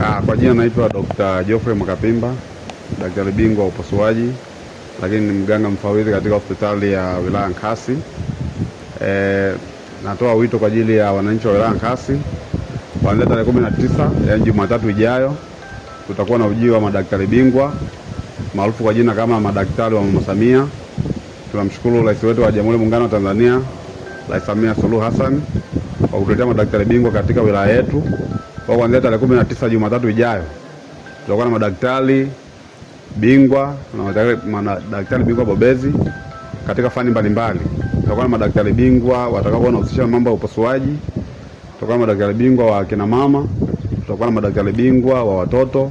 Ah, kwa jina naitwa Dr. Geoffrey Mwakapimba, daktari bingwa wa upasuaji, lakini ni mganga mfawidhi katika hospitali ya wilaya Nkasi. E, natoa wito kwa ajili ya wananchi wa wilaya Nkasi kuanzia tarehe 19 ya yaani Jumatatu ijayo tutakuwa na ujio wa madaktari bingwa maarufu kwa jina kama madaktari wa Mama Samia. Tunamshukuru rais wetu wa Jamhuri ya Muungano wa Tanzania, Rais Samia Suluhu Hassan kwa kutuletea madaktari bingwa katika wilaya yetu kwa kuanzia tarehe kumi na tisa Jumatatu ijayo tutakuwa na madaktari bingwa na madaktari bingwa bobezi katika fani mbalimbali. Tutakuwa na madaktari bingwa watakaokuwa wanahusisha mambo ya upasuaji, tutakuwa na madaktari bingwa wa kina mama, tutakuwa na madaktari bingwa wa watoto,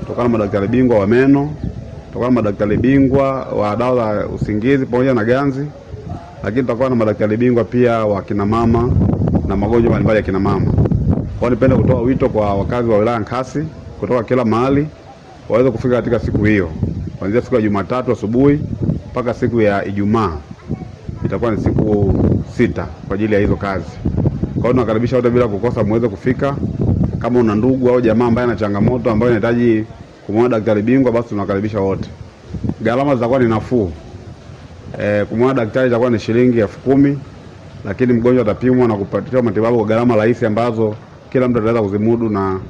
tutakuwa na madaktari bingwa wa meno, tutakuwa na madaktari bingwa wa dawa za usingizi pamoja na ganzi, lakini tutakuwa na madaktari bingwa pia wa kina mama na magonjwa mbalimbali ya kina mama. Kwa nipenda kutoa wito kwa wakazi wa wilaya Nkasi kutoka kila mahali waweze kufika katika siku hiyo, kuanzia siku ya Jumatatu asubuhi mpaka siku ya Ijumaa. Itakuwa ni siku sita kwa ajili ya hizo kazi. Kwa hiyo tunakaribisha wote bila kukosa muweze kufika. Kama una ndugu au jamaa ambaye ana changamoto ambayo inahitaji kumwona daktari bingwa, basi tunakaribisha wote. Gharama zitakuwa ni nafuu. E, kumwona daktari itakuwa ni shilingi elfu kumi, lakini mgonjwa atapimwa na kupatiwa matibabu kwa gharama rahisi ambazo kila mtu ataweza kuzimudu na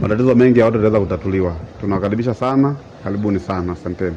matatizo mengi ya watu yataweza kutatuliwa. Tunawakaribisha sana, karibuni sana, asanteni.